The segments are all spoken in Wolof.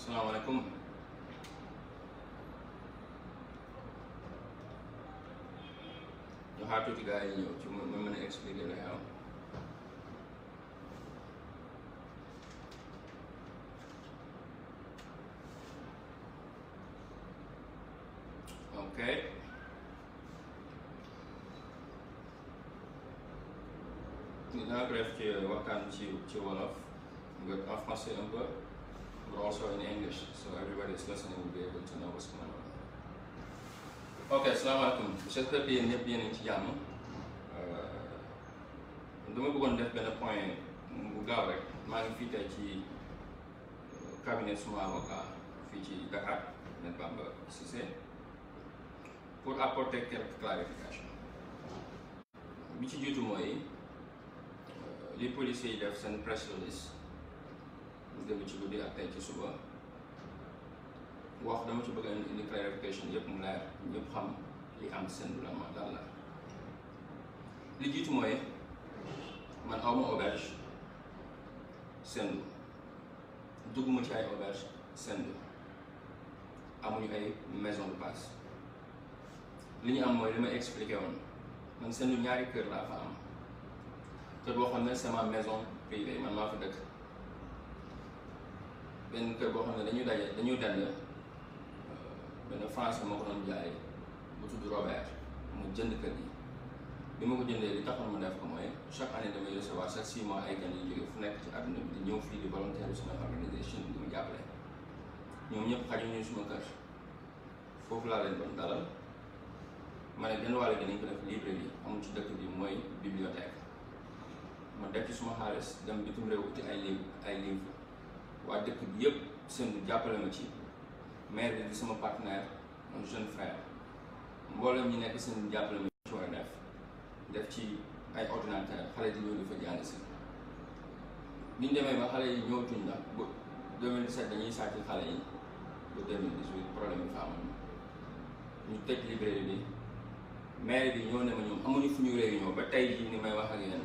Assalamualaikum. Yo hatu tiga inyo, cuma memang experience ya. Oke. Kita graf ke wakan ciu ciu walaf. Gak af masih ambil. but also in English, so everybody is listening will be able to know what's going on. Okay, assalamu alaikum. Just que ñëpp yéen a ngi ci jàmm. dama bëggoon def benn point bu gaaw rek maa ngi fii tey uh, ci cabinet suma avocat fii ci Dakar Ahmed Bamba Cissé pour apporter quelques clarifications bi ci jiitu mooy uh, li policiers def seen press release démb ci guddi ak tey ci suba wax dama ci bëgg a li ci ay auberge sendu amuñu ay maison li ñu am mooy li ma expliqué woon man sendu ñaari kër laa fa am kër boo xam ne c'est maison privée man maa fa dëkk benn kër boo xam ne dañuy daje dañuy dend euh, benn français moo ko doon jaay bu tudd Robert mu jënd kër gi bi ma ko jëndee li taxoon ma def année damay recevoir chaque six mois ay gan yu jóge fu nekk ci àdduna bi di ñëw fii di volontaire suma organisation di ma jàppale ñoom ñëpp xaju suma kër foofu laa leen doon dalal ma ne genn wàll gi nañ ko def libre bi amul ci dëkk bi mooy bibliothèque ma def ci suma xaalis dem bitim réew uti ay livre ay livre waa dëkk bi yëpp seen jàppale ma ci maire bi di sama partenaire un jeune frère mboolem ñi nekk seen jàppale ma ci war def def ci ay ordinateur xale di ñëw di fa jàng si bi ñu demee ba xale yi ñëwatuñ la ba 2017 dañuy sàcc xale yi ba 2018 problème bi fa amoon ñu tëj librairie bi maire bi ñoo ne ma ñoom amuñu fu ñu réunion ba tey jii may wax ak yéen.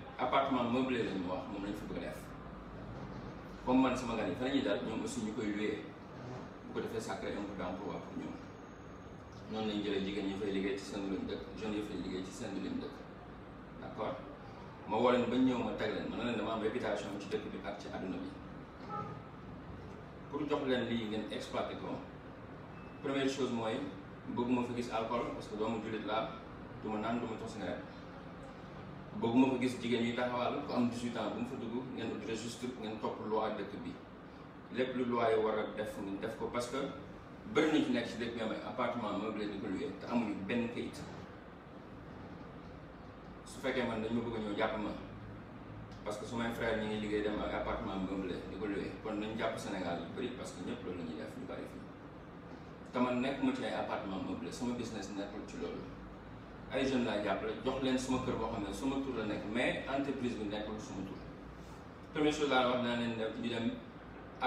appartement meublé lañu wax moom lañ fa bëgg a def comme man sama gan yi fa la ñuy dal ñoom aussi ñu koy loué bu ko defee ça crée un peu d'emploi pour ñoom noonu lañ jëlee jigéen ñi fay liggéey ci seen luñ dëkk jeunes yi fay liggéey ci seen luñ dëkk d'accord ma woo leen ba ñëw ma tag leen ma ne leen dama am réputation ci dëkk bi ak ci àdduna bi pour jox leen lii ngeen exploité ko première chose mooy bëgg ma fa gis alcool parce que doomu jullit laa du boobu bëgguma fa gis jigéen ñuy taxawal ku am 18 ans bu mu fa dugg ngeen ut registre ngeen topp loi dëkk bi lépp lu loi yi war a def ngeen def ko parce que bëri na ci nekk si dëkk bi am ay appartement te amuñu benn kayit su fekkee man dañ ma bëgg a ma parce que sumay frère ñi ngi liggéey dem ak appartement meublé di ko luye kon nañ jàpp Sénégal yu bëri parce que ñëpp loolu la ñuy def ñu bari fii te man nekk ma ci ay appartement meublé sama business nekkul ci loolu. ay jeunes laay jàppale jox leen suma kër boo xam ne suma tour la nekk mais entreprise bi nekkul suma tour première chose laa wax naa leen ñu dem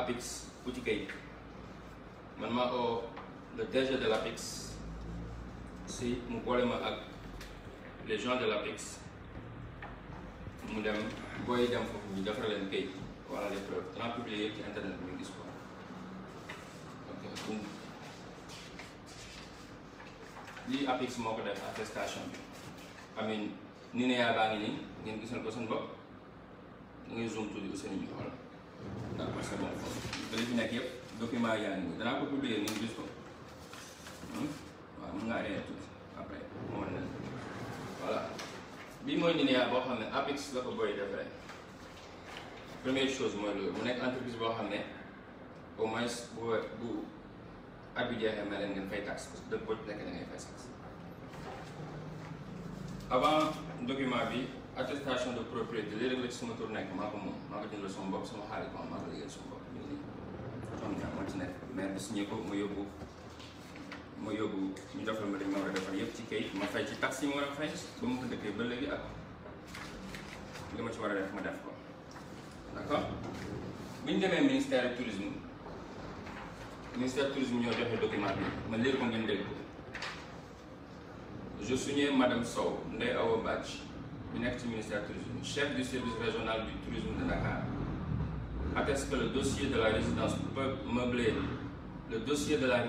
APIX boutique yi man maa oo le DG de l'APIX si mu boole ma ak les gens de l'APIX mu dem booy dem foofu ñu defar leen kayit wala les preuves dana publier ci internet bi ñu gis ko ok li APIX moo ko def attestation bi amin ni ne yaa baa ngi nii ngeen gisal ko seen bopp da ngay zoom tuuti ko seen ñu xool d'accord c'est bon ba li fi nekk yëpp document yaa ngi nii danaa ko publier hmm? nga arrêté tuuti après moo ne voilà bii mooy NINEA boo xam ne APIX la ko booy defaree première chose mooy mu nekk entreprise boo xam ne au moins bu bu at bi jeexee na leen ngeen fay taxe parce que dëkk nekk da ngay fay taxe document bi attestation de propriété léeg-léeg la ci sama tur nekk yëpp ci kayit ma fay ci taxe yi ma ba ma ko li ma ci war a def ma def ko d'accord bu ñu demee ministère tourisme ministère tourisme ñoo joxe document bi ma lire ko ngeen dégg je signais madame Sow Ndé Awa Batch, bi du tourisme chef du service régional du tourisme de Dakar atteste que le dossier de la résidence meublée le dossier de la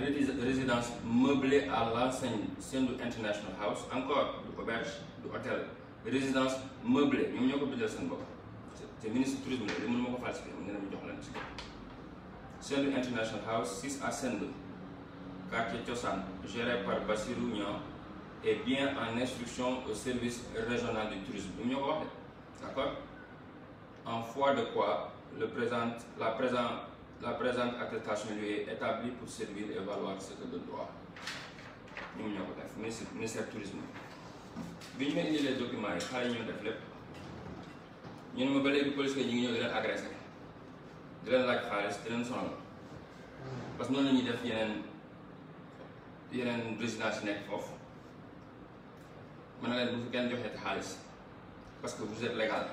résidence meublée à l'enseigne Sendou International House encore du auberge du hôtel résidence meublée ñoom ñoo ko bindal seen C'est le ministre tourisme la li falsifier jox ci de International House, 6 à Sendou, quartier Tiosan, géré par Bassirou Nian, et bien en instruction au service régional du tourisme. D'accord En foi de quoi le présent, la, présent, la présente attestation lui est établie pour servir et valoir ce que de droit. ministère du tourisme. Bi ñu les documents yi xale yi ñoo def lépp ñu ne ma ba léegi police yi ñu di leen laaj xaalis di leen sonal parce que noonu la ñuy def yeneen yeneen résidence yi nekk foofu mën na leen bu fi kenn joxee te xaalis parce que vous êtes légal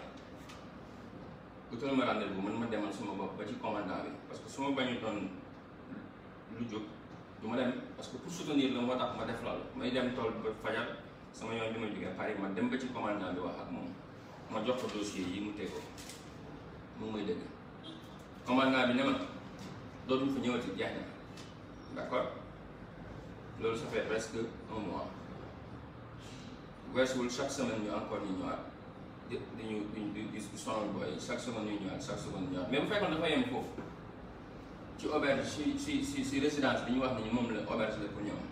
utal ma rendez-vous man ma demal suma bopp ba ci commandant bi parce que su ma bañu doon lu jóg du ma dem parce que pour soutenir la moo tax ma def loolu may dem tool ba fajar sama yoon bi ma jógee Paris ma dem ba ci commandant bi wax ak moom ma jox ko dossier yi mu teg ko mu may dëgg commandement bi ne ma dootul fi ñëwati jeex na d'accord loolu ça fait presque un mois weesuwul chaque semaine ñu encore ñu ñëwaat di di ñu di di di sonal booy chaque semaine ñu ñëwaat chaque semaine ñu ñëwaat mais bu yem foofu ci auberge si si si si résidence bi ñu wax ni moom la auberge la pour ñoom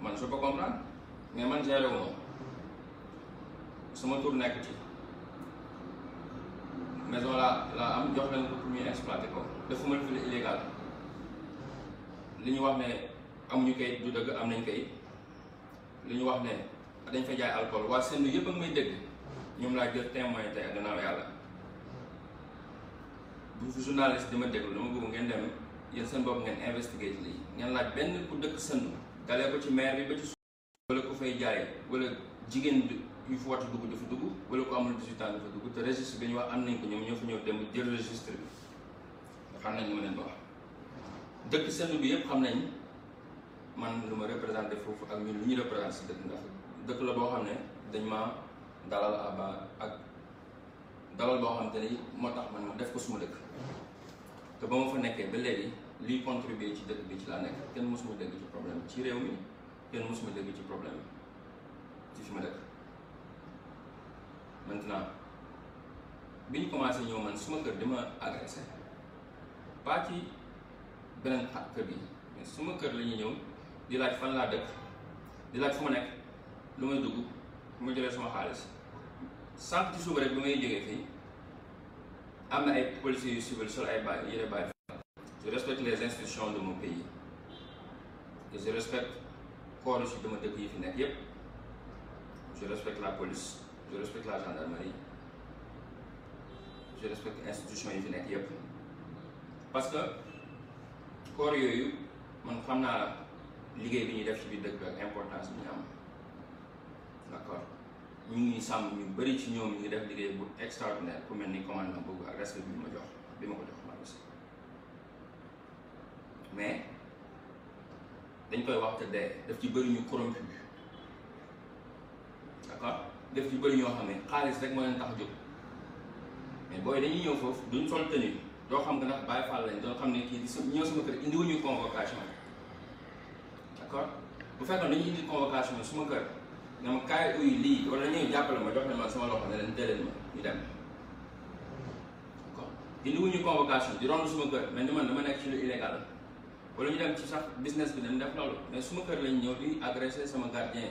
man je peux comprendre mais man géré wu maison la la am jox nañ ko pour ñu exploité ko dafa mën fi ne illégal li ñu wax ne amuñu kayit du dëgg am nañ kayit li ñu wax ne dañ fa jaay alcool waa seen yëpp a may dégg ñoom laa jël témoin tey ak gannaaw yàlla bu fi journaliste dama déglu dama bëgg ngeen dem yéen seen bopp ngeen investigué ci ngeen laaj benn ku dëkk sënd dalee ko ci maire bi ba ci suuf wala ku fay jaay wala jigéen bi il faut war a dafa dugg wala ko amul 18 ans dafa duggu te registre bi ñu wax am nañ ko ñoom ñoo fa ñëw dem jël registre bi nga xam nañ li ma bi xam nañ man lu ma représenté foofu ak ñun lu ñu représenté si dëkk ndax dëkk la boo xam ne dañ ma dalal aba ak dalal boo xam te ni moo tax man ma def ko suma dëkk te ba ma fa nekkee ba léegi liy contribuer ci dëkk bi ci laa nekk kenn mosuma dégg ci problème ci réew mi kenn mosuma dégg ci problème ci fi ma maintenant bi ñu commencé ñëw man suma kër dama agressé pas ci beneen xat kër bi mais suma kër la ñuy ñëw di laaj fan laa dëkk di laaj fu ma nekk lu may dugg mu ma jëlee suma xaalis sant ci suba rek bi may jógee fii am na ay policiers yu civil sol ay bàyyi yére bàyyi je respecte les institutions de mu pays et je respecte corps yi dama dëkk yi fi nekk yëpp je respecte la police je respecte la gendarmerie je respecte institution yi fi nekk yépp parce que kor yooyu man fan naa liggéey bi ñuy def si biir dëkk importance bi ñu am d'accord ñu ngi sàmm ñu bëri ci ñoom ñu def liggéey bu extraordinaire ku mel ni commandement boobu ak respect bi ma jox bi ma ko man aussi mais dañ koy wax te dee daf ci bëri ñu corrompu d'accord def ci bëri ñoo xam ne xaalis rek moo leen tax a mais booy dañuy ñëw foofu duñ sol tenue doo xam nga ndax Baye Fall doo xam ne kii di ñëw sama kër accord bu fekkoon dañuy indi convocation suma kër nga ma kaay uyu lii wala ñëw jàppale ma jox leen ma sama loxo ne leen déleen ma ñu dem d'accord indiwuñu convocation di romb suma kër mais ni man dama nekk ci lu illégal wala ñu dem ci sax business bi dem def loolu mais suma kër lañ ñëw di agressé sama gardien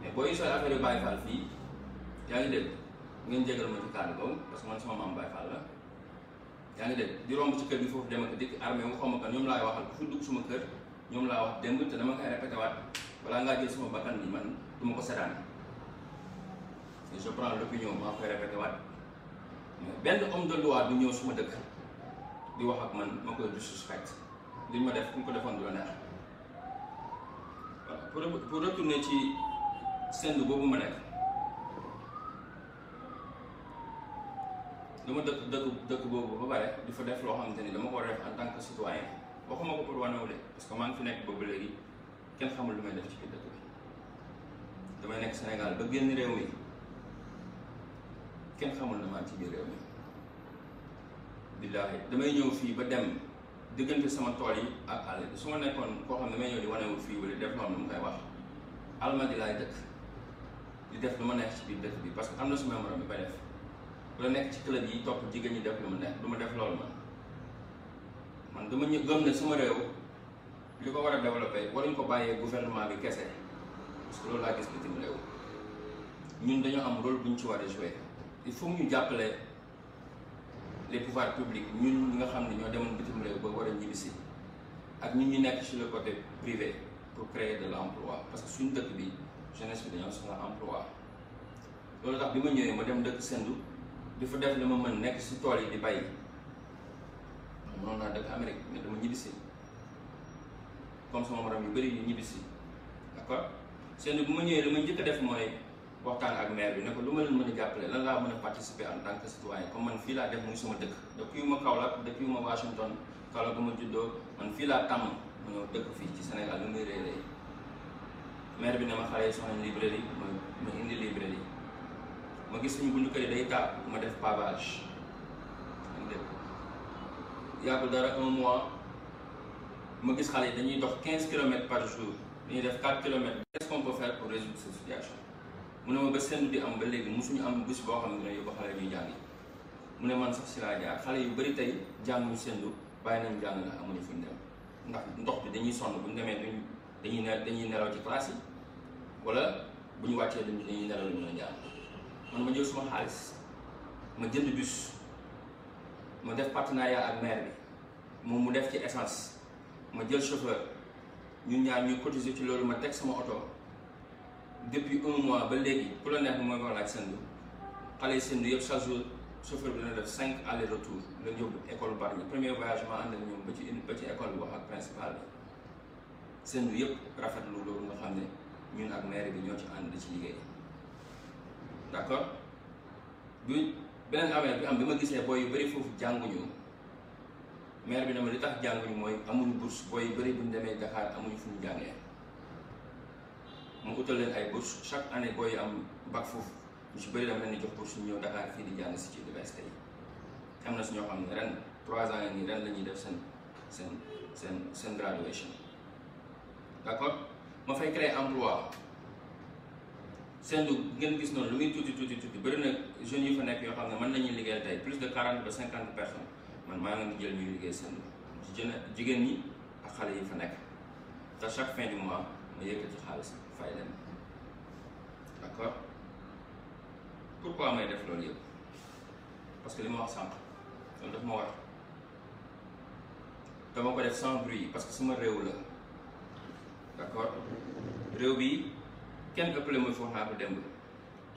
mais boo ñu soxla affaire yu Baye Fall fii yaa ngi dégg ngeen jégal ma ci kàddu parce que man sama mam Baye Fall la yaa ngi di romb ci kër gi foofu dem ak nyom armée mu xawma kan ñoom laay waxal fu dugg suma kër ñoom laa wax démb te dama koy répété waat balaa ngaa jël sama bakkan bi man du ma ko seetaan je prends l'opinion maa koy répété homme de loi suma di wax ak man mako koy disrespect li ñu ma def ko defoon du la neex pour pour retourner ci send boobu ma nekk dama dëkk dëkk dëkk boobu ba pare du fa def loo xamante ni dama ko def en tant que citoyen waxuma ko pour wanewu de parce que maa ngi fi nekk boobu léegi kenn xamul lu may def ci biir dëkk bi damay nekk Sénégal ba génn réew mi kenn xamul na maa ci biir réew mi billaahi damay ñëw fii ba dem diggante sama tool yi ak àll su ma nekkoon koo xam damay ñëw di wanewu fii wala def loo xam koy wax almadi laay dëkk di ya, def kan lu ma neex ci biir dëkk bi parce que am na suma morom yu koy def ku la nekk ci club yi topp jigéen ñi def lu ma neex du ma def loolu man man dama ñu gëm ne suma réew li ko war a développé waruñ ko bàyyee gouvernement bi kese parce que loolu laa gis bitim réew ñun dañoo am rôle bu ñu ci war a il faut ñu jàppale les pouvoirs publics ñun ñi nga xam ñoo demoon bitim réew ba war a ñibbisi ak ñun ñu nekk sur le côté privé pour créer de l' parce que suñu dëkk bi jeunesse bi dañoo soxla emploi loolu tax bi ma ñëwee ma dem dëkk Sendou di fa def li ma mën nekk comme sama morom yu bëri ñu ñibbisi d'accord Sendou bu ma ñëwee li ma def mooy waxtaan ak maire bi ne ko lu ma leen mën a jàppale a en tant que citoyen comme Washington Kaolack bu ma juddoo man fii laa tàmm mu ñëw Sénégal maire bi ne ma xale yi soxla nañ librairie ma ma indi librairie ma gis suñu bu ñu koy day taa ma def pavage yàggul dara un mois ma gis xale yi dañuy dox quinze kilomètres par jour dañuy def quatre kilomètres qu'est-ce qu'on pour résoudre cette mu ne ma ba seen di am ba léegi mosuñu am bés boo xam ne dina yóbbu xale ñuy jàngi mu ne man sax si laa jaar xale yu bëri tey jànguñu sendu bàyyi nañ jàng la amuñu fuñ dem ndax ndox bi dañuy sonn buñ demee ne wala bu ñu wàccee dañuy dañuy nelaw lu mën a man ma jël suma xaalis ma jënd bus ma def partenariat ak maire bi moom mu def ci essence ma jël chauffeur ñu ñaar ñuy cotiser ci loolu ma teg sama oto depuis un mois ba léegi ku la neex mooy ma laaj sënd xale yi sënd yëpp chaque jour chauffeur bi dina def cinq aller retour la yóbbu école bari yi premier voyage ma ànd ak ñoom ba ci ba ci école bi wax ak principal bi sënd yëpp rafetlu loolu nga ñun ak maire bi ñoo ci ànd ci liggéey d' bi beneen affaire bi am bi ma gisee booy yu bëri foofu jànguñu maire bi na ma li tax jànguñu mooy amuñu bourse booy yu bëri bu ñu demee Dakar amuñu fu ñu jàngee mu utal leen ay bourse chaque année booy yu am bac foofu ñu si bëri dama leen di jox bourse ñu ñëw Dakar fii di jàng si ci université yi am na si ñoo xam ne ren trois ans yi nii ren la def seen seen seen seen graduation d' ma fay créer emploi seen du ngeen gis noonu lu muy tuuti tuuti tuuti bëri na jeunes yu fa nekk yoo xam ne mën nañu liggéeyal tey plus de quarante ba cinquante personnes man maa ngi jël ñuy liggéey seen du jigéen ñi ak xale yi fa nekk te chaque fin du mois ma yëkkati xaalis fay leen d'accord pourquoi may def loolu yëpp parce que li ma wax sànq loolu daf ma war dama ko def sans bruit parce que suma réew la. d'accord accord réew bi kenn ëppale mooy foofu naa ko démb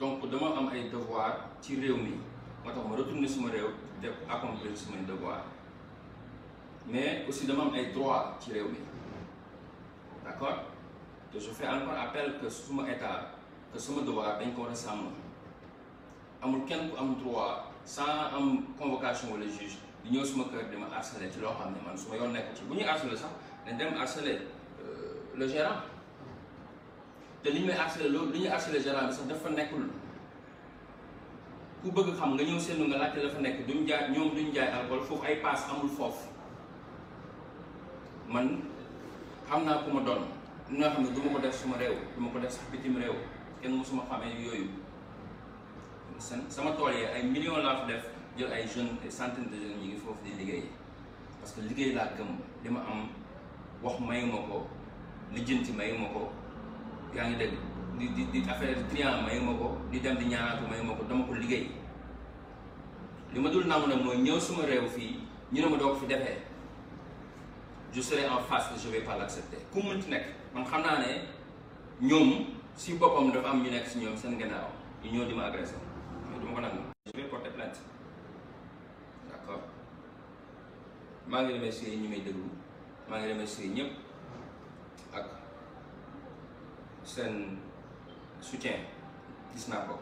donc dama am ay devoir ci réew mi moo tax ma retourner suma réew te accomplir suma devoir mais aussi dama am ay droit ci réew mi d' accord te je fais encore appel que suma état que suma devoir dañ ko war a sàmm amul kenn ku am droit sans am convocation wala juge di ñëw suma kër di ma harcelé ci loo xam ne man suma yoon nekk ci bu ñuy harcelé sax dañ dem harceler le gérant te li ñu may harcelé loolu li ñuy harcelé gérant bi dafa nekkul ku bëgg xam nga ñëw seenu nga laajte dafa nekk duñ jaay ñoom duñ jaay alcool foofu ay paas amul foofu man xam naa ku ma doon ñoo xam ne du ko def suma réew du ma ko def sax bitim réew kenn mësuma xamee yooyu seen sama tool yi ay millions laa fi def jël ay jeunes ay centaines de jeunes yi ngi foofu di liggéey parce que liggéey laa gëm li ma am wax mayuma ko lijjanti mayuma ko yaa ngi dégg di di di affaire client mayuma ko di dem di ñaanaatu mayuma ko dama ko liggéey li ma dul nangu nag mooy ñëw suma réew fii ñu ne ma doo ko fi defee je serai en face je vais pas l' accepter ku mënti nekk man xam ne ñoom si boppam dafa am ñu nekk si ñoom seen gannaaw ñu ñëw di ma agressé mais du ma ko nangu je vais porter plainte d' accord ngi remercier ñi may déglu maa ngi remercier ñëpp ak un soutien gis s'en ko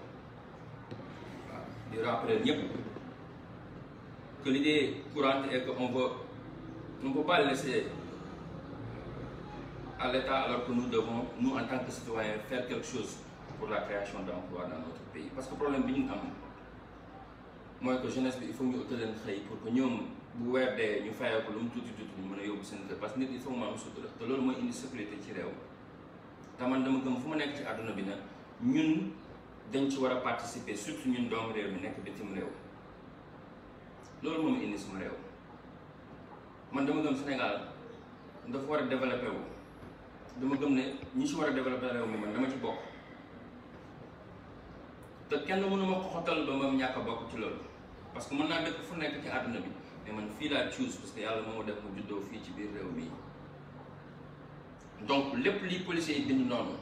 que l'idée courante est qu'on ne peut pas laisser à l'État alors que nous devons nous en tant que citoyens faire quelque chose pour la création d'emplois dans notre pays parce que le problème bi ñu am que jeunesse il faut ñu nous pour que nous... bu weer dee ñu fayal ko lu mu tuuti tuuti ñu mën a yóbbu seen kër que nit il faut mu am sutura te loolu mooy indi sécurité ci réew te man dama gëm fu ma nekk ci àdduna bi nag ñun dañ ci war a participer surtout ñun doomu réew mi nekk bitim réew loolu moom indi suma réew man dama gëm Sénégal dafa war a développé wu dama gëm ne ñi ci war a développé réew mi man dama ci bokk te kenn mënu ma ko xotal ba ma ñàkk bokk ci loolu parce que mën naa dëkk fu nekk ci àdduna bi. mais man fii laa choose parce que yàlla moom def mu juddoo fii ci biir réew mi donc lépp li policiers yi bind noonu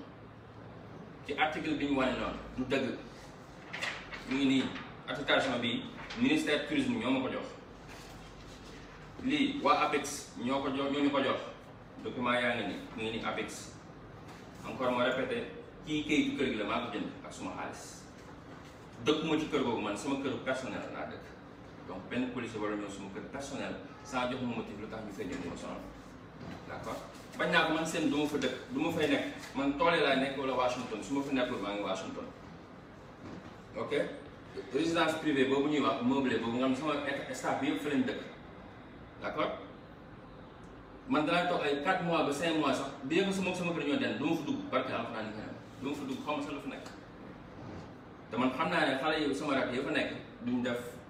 ci article bi ñu wane noonu du dëgg mu ngi attestation bi ministère tourisme ñoo ma jox lii waa APEX ñoo ko jox ñoo ñu ko jox document yaa ngi nii mu ngi APEX encore ma Ki kii kayitu kër gi la maa ko jënd ak suma xaalis dëkkuma ci kër googu man sama kër personnel laa dëkk donc benn policier wala ñëw suma kër Ça a jox ma motif lu tax ñu fay ñëw moo sonal d' accord bañ naa ko man seen du ma fa dëkk du ma fay nekk man toolee laa nekk la Washington su ma fa nekkul maa ngi Washington ok résidence privée boobu ñuy wax meublé boobu nga xam sama état bi yëpp fa lañ dëkk d' accord man eh, danaa toog ay 4 mois ba 5 mois sax bi yëpp sama sama kër ñoo den du ma fa dugg barke alxuraan yi kanam fa dugg xaw ma la fa nekk te man xam naa ne xale yi sama rak yi fa duñ def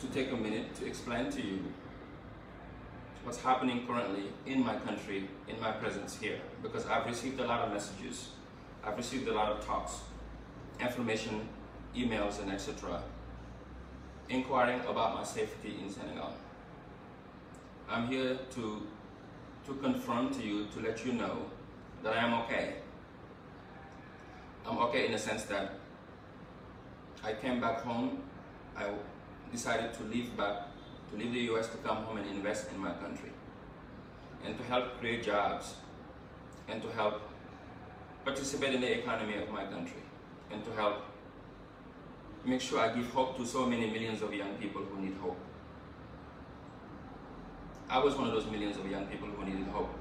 to take a minute to explain to you what's happening currently in my country, in my presence here, because I've received a lot of messages, I've received a lot of talks, information, emails, and etc. inquiring about my safety in Senegal. I'm here to, to confirm to you, to let you know that I am okay. I'm okay in the sense that I came back home, I decided to leave back, to leave the US to come home and invest in my country and to help create jobs and to help participate in the economy of my country and to help make sure I give hope to so many millions of young people who need hope. I was one of those millions of young people who needed hope.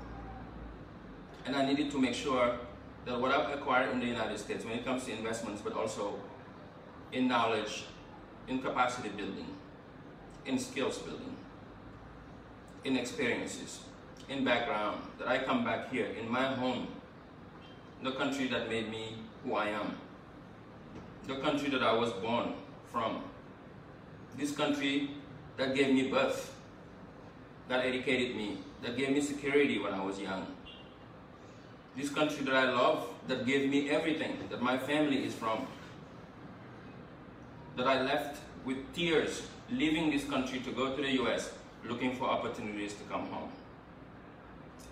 And I needed to make sure that what I've acquired in the United States when it comes to investments, but also in knowledge, in capacity building, in skills building, in experiences, in background, that I come back here in my home, the country that made me who I am, the country that I was born from, this country that gave me birth, that educated me, that gave me security when I was young, this country that I love, that gave me everything that my family is from, that I left with tears leaving this country to go to the US looking for opportunities to come home.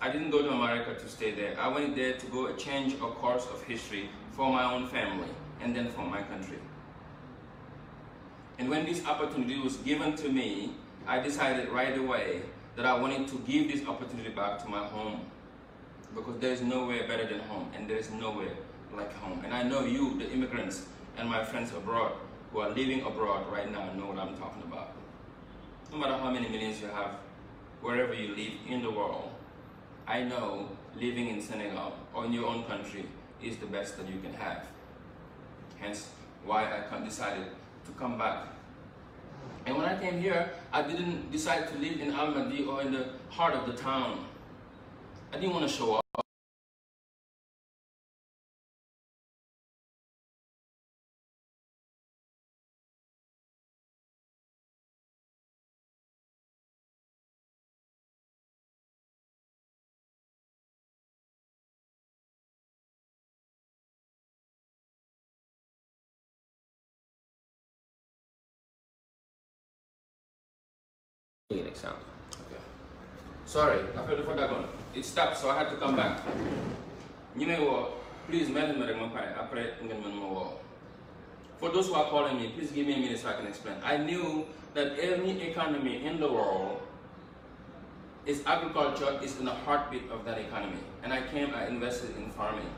I didn't go to America to stay there. I went there to go change a course of history for my own family and then for my country. And when this opportunity was given to me, I decided right away that I wanted to give this opportunity back to my home because there is nowhere better than home and there is nowhere like home. And I know you, the immigrants, and my friends abroad who are living abroad right now know what I'm talking about. No matter how many millions you have, wherever you live in the world, I know living in Senegal or in your own country is the best that you can have. Hence why I decided to come back. And when I came here, I didn't decide to live in Almadi or in the heart of the town. I didn't want to show up. an example. Okay. Sorry, I felt forgotten. It stopped, so I had to come back. You know what? Please, madam, madam, après, for those who are calling me, please give me a minute so I can explain. I knew that any economy in the world is agriculture is in the heartbeat of that economy. And I came, I invested in farming.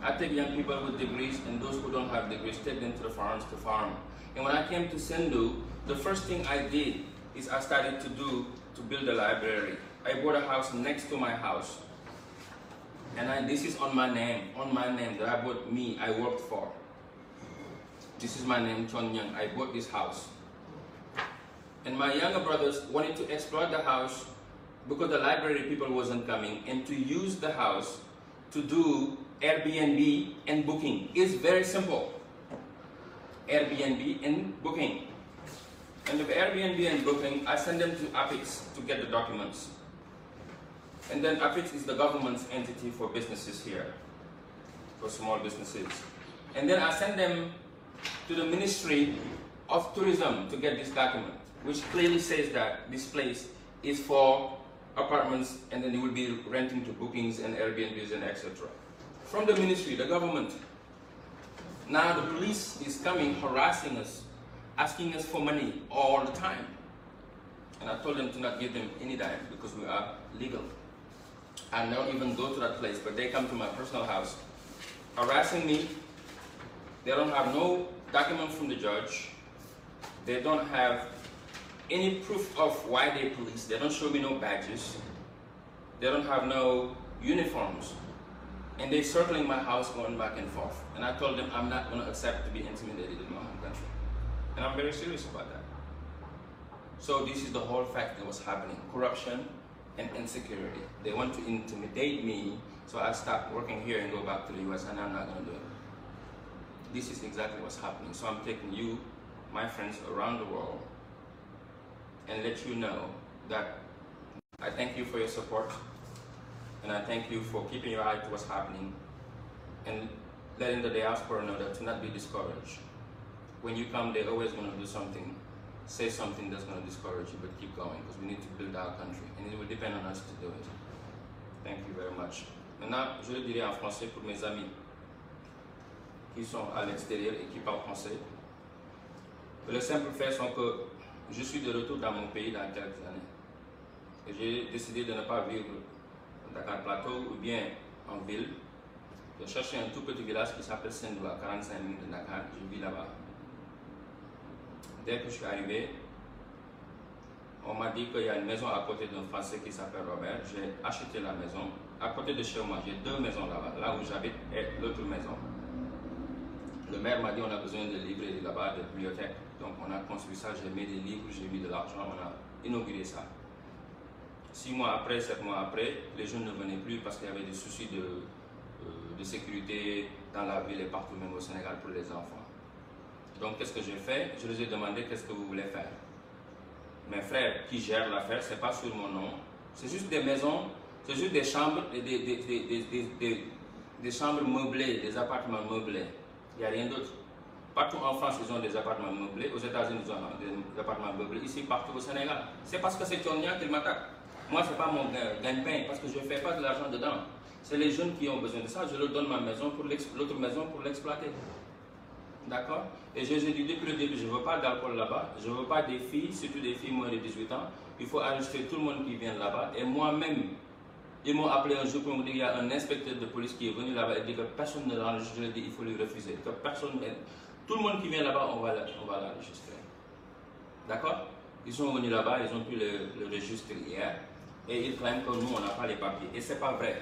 I take young people with degrees and those who don't have degrees, take them to the farms to farm. And when I came to Sindhu, the first thing I did is I started to do to build a library. I bought a house next to my house. And I, this is on my name, on my name that I bought me, I worked for. This is my name, Chon Young. I bought this house. And my younger brothers wanted to exploit the house because the library people wasn't coming and to use the house to do Airbnb and booking. It's very simple. Airbnb and booking. And with Airbnb and Booking, I send them to Apex to get the documents. And then Apex is the government's entity for businesses here, for small businesses. And then I send them to the Ministry of Tourism to get this document, which clearly says that this place is for apartments and then it will be renting to bookings and Airbnbs and etc. From the ministry, the government. Now the police is coming harassing us asking us for money all the time. And I told them to not give them any dime because we are legal. I don't even go to that place, but they come to my personal house, harassing me. They don't have no document from the judge. They don't have any proof of why they police. They don't show me no badges. They don't have no uniforms. And they're circling my house going back and forth. And I told them I'm not gonna accept to be intimidated in my home country. And I'm very serious about that. So this is the whole fact that was happening. Corruption and insecurity. They want to intimidate me, so I stop working here and go back to the US, and I'm not gonna do it. This is exactly what's happening. So I'm taking you, my friends around the world, and let you know that I thank you for your support, and I thank you for keeping your eye to what's happening, and letting the diaspora know that to not be discouraged. when you come, they're always toujours to do something, say something that's going to discourage you, but keep parce because we need to build our country and it will depend on us to do it. Thank you very much. Maintenant, je le dirai en français pour mes amis qui sont à l'extérieur et qui parlent français. Le simple fait est que je suis de retour dans mon pays dans quelques années. Et j'ai décidé de ne pas vivre à Dakar Plateau ou bien en ville. Je cherché un tout petit village qui s'appelle Sendoua, 45 minutes de Dakar. Je vis là-bas dès que je suis arrivé, on m'a dit qu'il y a une maison à côté d'un Français qui s'appelle Robert. J'ai acheté la maison. À côté de chez moi, j'ai deux maisons là-bas, là où j'habite et l'autre maison. Le maire m'a dit qu'on a besoin de livres là-bas, de bibliothèques. Donc on a construit ça, j'ai mis des livres, j'ai mis de l'argent, on a inauguré ça. Six mois après, sept mois après, les jeunes ne venaient plus parce qu'il y avait des soucis de, euh, de sécurité dans la ville et partout, même au Sénégal, pour les enfants. Donc, qu'est-ce que j'ai fait Je les ai demandé qu'est-ce que vous voulez faire. Mes frères qui gèrent l'affaire, ce n'est pas sur mon nom. C'est juste des maisons, c'est juste des chambres, des, des, des, chambres meublées, des appartements meublés. Il n'y a rien d'autre. Partout en France, ils ont des appartements meublés. Aux États-Unis, ils ont des appartements meublés. Ici, partout au Sénégal. C'est parce que c'est Tchonia qu'ils m'attaquent. Moi, ce n'est pas mon de pain parce que je ne fais pas de l'argent dedans. C'est les jeunes qui ont besoin de ça. Je leur donne ma maison pour l'autre maison pour l'exploiter. D'accord Et Jésus dit depuis le début, je ne veux pas d'alcool là-bas, je ne veux pas des filles, surtout des filles moins de 18 ans. Il faut enregistrer tout le monde qui vient là-bas. Et moi-même, ils m'ont appelé un jour pour me dire qu'il y a un inspecteur de police qui est venu là-bas et dit que personne ne l'enregistre. Je lui ai dit il faut lui refuser, que personne Tout le monde qui vient là-bas, on va l'enregistrer. D'accord Ils sont venus là-bas, ils ont pu le, le registre hier. Et ils craignent que nous, on n'a pas les papiers. Et ce n'est pas vrai.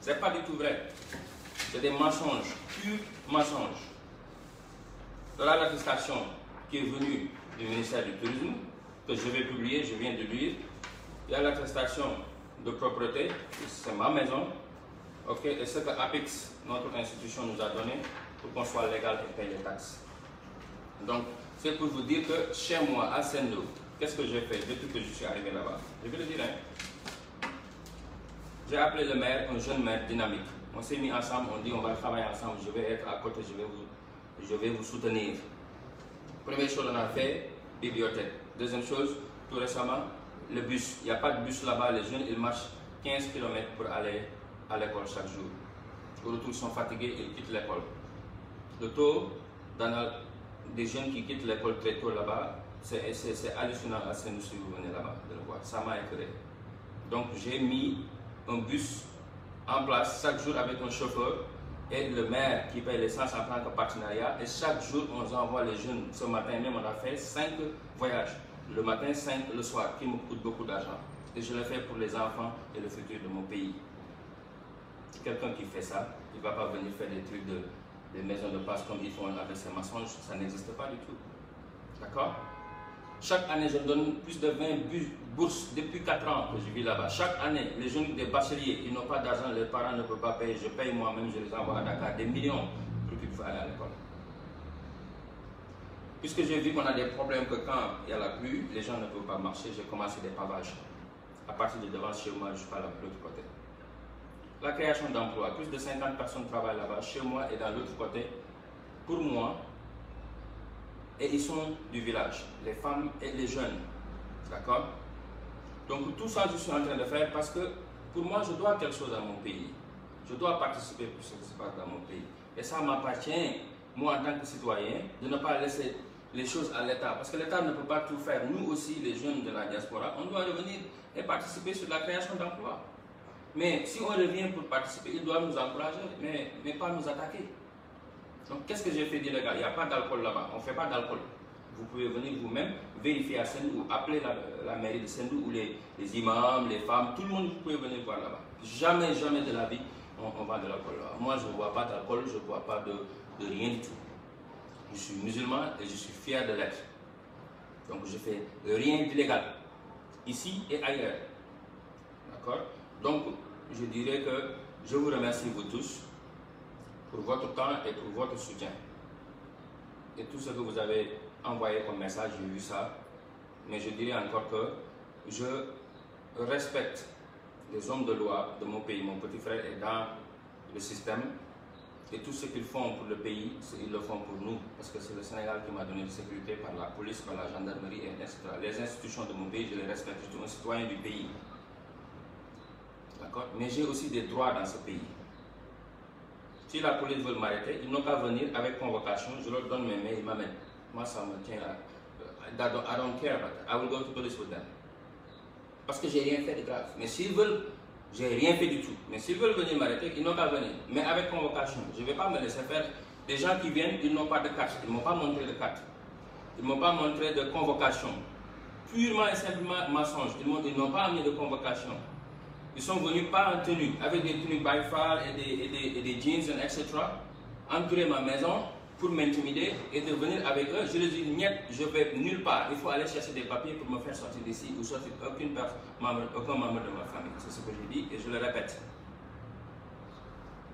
Ce n'est pas du tout vrai. C'est des mensonges, purs mensonges de la qui est venue du ministère du Tourisme, que je vais publier, je viens de lire. Il y a l'attestation de propreté, c'est ma maison, ok, et ce que Apex, notre institution, nous a donné pour qu'on soit légal et paye les taxes. Donc, c'est pour vous dire que chez moi, à Sendo, qu'est-ce que j'ai fait depuis que je suis arrivé là-bas Je vais le dire, hein. J'ai appelé le maire, un jeune maire dynamique. On s'est mis ensemble, on dit on va travailler ensemble, je vais être à côté, je vais vous je vais vous soutenir. Première chose, on a fait bibliothèque. Deuxième chose, tout récemment, le bus. Il n'y a pas de bus là-bas. Les jeunes, ils marchent 15 km pour aller à l'école chaque jour. Au retour, ils sont fatigués, ils quittent l'école. Le taux des jeunes qui quittent l'école très tôt là-bas, c'est hallucinant à ah, saint si vous venez là-bas de le voir. Ça m'a éclairé. Donc j'ai mis un bus en place chaque jour avec un chauffeur et le maire qui paye l'essence en tant que partenariat. Et chaque jour, on envoie les jeunes. Ce matin même, on a fait 5 voyages. Le matin, 5 le soir, qui me coûte beaucoup d'argent. Et je le fais pour les enfants et le futur de mon pays. Quelqu'un qui fait ça, il ne va pas venir faire des trucs de, des maisons de passe comme ils font avec ces mensonges. Ça n'existe pas du tout. D'accord chaque année, je donne plus de 20 bourses depuis 4 ans que je vis là-bas. Chaque année, les jeunes des bacheliers, ils n'ont pas d'argent, leurs parents ne peuvent pas payer. Je paye moi-même, je les envoie à Dakar des millions pour qu'ils puissent aller à l'école. Puisque j'ai vu qu'on a des problèmes que quand il y a la pluie, les gens ne peuvent pas marcher, j'ai commencé des pavages. À partir de devant chez moi jusqu'à l'autre côté. La création d'emplois, plus de 50 personnes travaillent là-bas, chez moi et dans l'autre côté. Pour moi, et ils sont du village, les femmes et les jeunes. D'accord Donc tout ça, je suis en train de faire parce que pour moi, je dois quelque chose à mon pays. Je dois participer pour ce qui se passe dans mon pays. Et ça m'appartient, moi en tant que citoyen, de ne pas laisser les choses à l'État. Parce que l'État ne peut pas tout faire. Nous aussi, les jeunes de la diaspora, on doit revenir et participer sur la création d'emplois. Mais si on revient pour participer, il doit nous encourager, mais pas nous attaquer. Donc, qu'est-ce que j'ai fait d'illégal Il n'y a pas d'alcool là-bas. On ne fait pas d'alcool. Vous pouvez venir vous-même vérifier à Sendou, appeler la, mairie de Sendou ou les, imams, les femmes, tout le monde, vous pouvez venir voir là-bas. Jamais, jamais de la vie, on, on va de l'alcool là. Moi, je ne bois pas d'alcool, je ne bois pas de, rien du tout. Je suis musulman et je suis fier de l'être. Donc, je fais rien d'illégal, ici et ailleurs. D'accord Donc, je dirais que je vous remercie vous tous pour votre temps et pour votre soutien. Et tout ce que vous avez envoyé comme message, j'ai vu ça. Mais je dirais encore que je respecte les hommes de loi de mon pays. Mon petit frère est dans le système. Et tout ce qu'ils font pour le pays, ils le font pour nous. Parce que c'est le Sénégal qui m'a donné la sécurité par la police, par la gendarmerie, etc. Les institutions de mon pays, je les respecte. Je suis un citoyen du pays. D'accord Mais j'ai aussi des droits dans ce pays. Si la police veut m'arrêter, ils n'ont qu'à venir avec convocation, je leur donne mes mains, ils m'amènent. Moi, ça me tient là. I euh, don't care about that. I will go to police with them. Parce que j'ai rien fait de grave. Mais s'ils veulent, j'ai rien fait du tout. Mais s'ils veulent venir m'arrêter, ils n'ont qu'à venir. Mais avec convocation, je ne vais pas me laisser faire. Les gens qui viennent, ils n'ont pas de carte. Ils ne m'ont pas montré de carte. Ils ne m'ont pas montré de convocation. Purement et simplement mensonge. Ils n'ont pas amené de convocation. Ils sont venus pas en tenue, avec des tenues bifales et des, et des, jeans, etc. Entourer ma maison pour m'intimider et de venir avec eux. Je leur dis, niet, je vais nulle part. Il faut aller chercher des papiers pour me faire sortir d'ici ou sortir aucune aucun membre de ma famille. C'est ce que je dis et je le répète.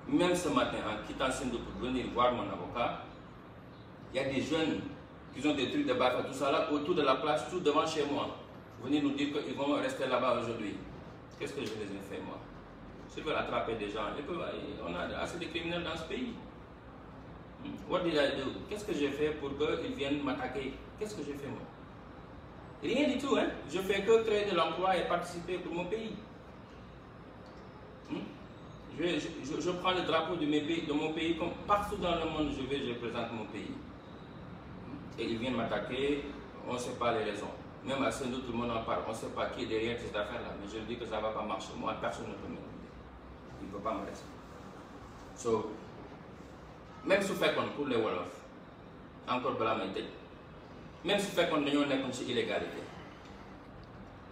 Même ce matin, en quittant Sindou pour venir voir mon avocat, il y a des jeunes qui ont des trucs de tout ça là, autour de la place, tout devant chez moi. venir nous dire qu'ils vont rester là-bas aujourd'hui. Qu'est-ce que je les ai fait, moi Je veux attraper des gens, bah, on a assez de criminels dans ce pays. Hmm. What did I do? Qu'est-ce que j'ai fait pour qu'ils viennent m'attaquer? Qu'est-ce que j'ai fait, moi Rien du tout, hein? Je fais que créer de l'emploi et participer pour mon pays. Hmm. Je, prends le drapeau de, mes de mon pays, comme partout dans le monde je vais, je présente mon pays. Hmm. Et ils viennent m'attaquer, on ne sait pas les raisons. Même à ce tout le monde en parle. On ne sait pas qui est derrière ces affaire là Mais je dis que ça ne va pas marcher. Moi, personne ne peut me Il ne peut pas me rester. So, même si on fait qu'on pour les Wolof, encore la même tête, même si on fait qu'on dañoo nekkoon ci illégalité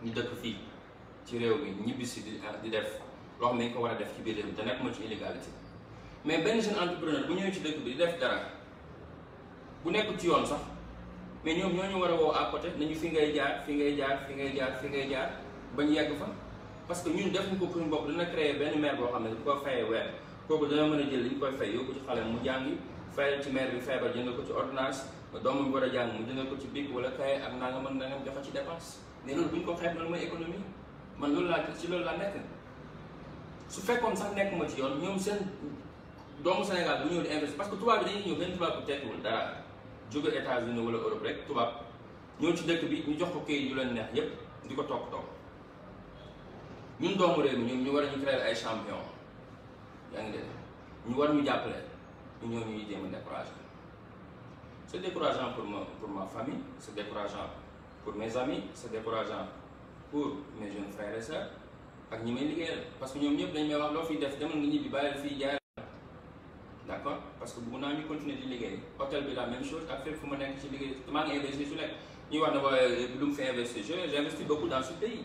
ñu dëkk fii ci réew mi ñibbi si ah, di def loo xam ne dañ ko war a def ci biir réew mi te une ci illégalité mais ben jeune entrepreneur bu ñëwee ci dëkk bi di def dara bu n'êtes ci yoon ça. mais ñoom ñoo ñu war a woo à côté nañu fi ngay jaar fi ngay jaar fi ngay jaar fi ngay jaar bañ yegg fa parce que ñun def ñu ko pour ñu bopp dana créer benn maire boo xam ne bu ko fayee weer kooku dana mën a jël li ñu koy fay yóbbu ci xale mu jàngi fayal ci maire bi feebar jënd ko ci bi war a jàng mu jënd ko ci bic wala kaye naa nga mën na nga joxe ci dépense mais loolu bu ñu ko xeeb loolu mooy économie man loolu su fekkoon sax nekk ma ci yoon ñoom seen doomu Sénégal bu ñëw di parce que tubaab bi dañuy ñëw benn tubaab bu dara jóge États-Unis wala Europe rek tubaab ñëw ci dëkk bi ñu jox ko kayit yu leen neex yépp di ko topp topp ñun doomu réew mi ñoom ñu war ñu créer ay champion yaa ngi dégg ñu war ñu jàppale ñu ñëw ñuy jéem a découragé c' est décourageant pour ma pour ma famille c' pas décourageant pour mes amis c' est décourageant pour mes jeunes frères et sœurs ak ñi may liggéeyal parce que ñoom ñëpp dañ may wax loo fiy def demal nga ñibbi bàyyil fii jaay d' accord parce que bëgg ñu continuer di liggéey hôtel bi la même chose ak fépp fu ma nekk ci liggéey maa ngi investir su nekk ñuy wax ne ma lu mu fi investir je j' investis beaucoup dans ce pays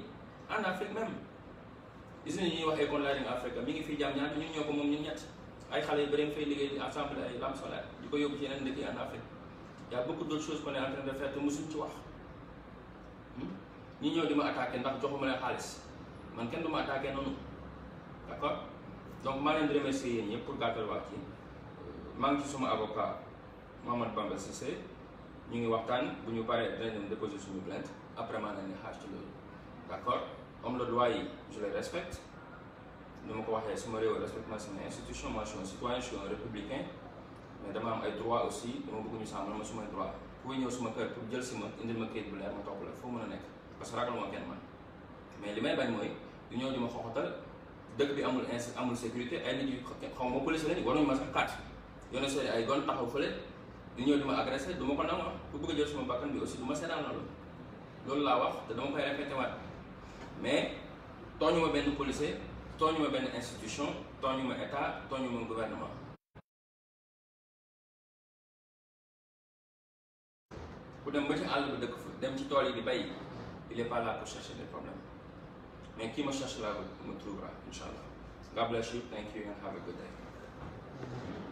en Afrique même gis nañu ñuy wax école learning Africa mi ngi fi jàmm ñaar ñun ñoo ko moom ñun ñett ay xale yu bëri ñu fay liggéey di ensemble ay lampes solaires di ko yóbbu ci yeneen dëkk yi en Afrique y' a beaucoup d' autres choses qu'on est en train de faire te mosuñ ci wax hmm? ñi ñëw di ma attaqué ndax joxuma leen xaalis man kenn du ma attaqué noonu d' accord donc maa leen di remercier yéen ñëpp pour gàttal wax ci maa ngi ci suma avocat Mamadou Bamba Cissé ñu ngi waxtaan bu ñu paree dinañ dem déposer suñu plainte après maa ngi xaar ci loolu d' accord homme droit yi je les respecte ni ko waxee suma réew respecte naa sama institution moi je suis un citoyen je suis un républicain mais dama am ay droit aussi dama bëgg ñu sàmmal ma suma droit kuy ñëw suma kër pour jël indil ma bu leer ma parce que kenn man mais li may bañ mooy du ñëw di ma bi amul amul sécurité ay nit yu xaw ma police lañ waruñu ma sax carte yónnee soo ay doon taxaw fële di ñëw di ma agressé du ma ko nangu ku bëgg a jël suma bakkan bi aussi du ma seetaan loolu laa wax te dama koy répété waat mais tooñu ma benn policier tooñu ma benn institution tooñu ma état tooñu ma gouvernement. ku dem ba ci àll ba dëkk fa dem ci tool yi di bay il est pas là pour chercher des problèmes mais qui me cherche là me trouvera incha allah. God bless you. Thank you and have good day.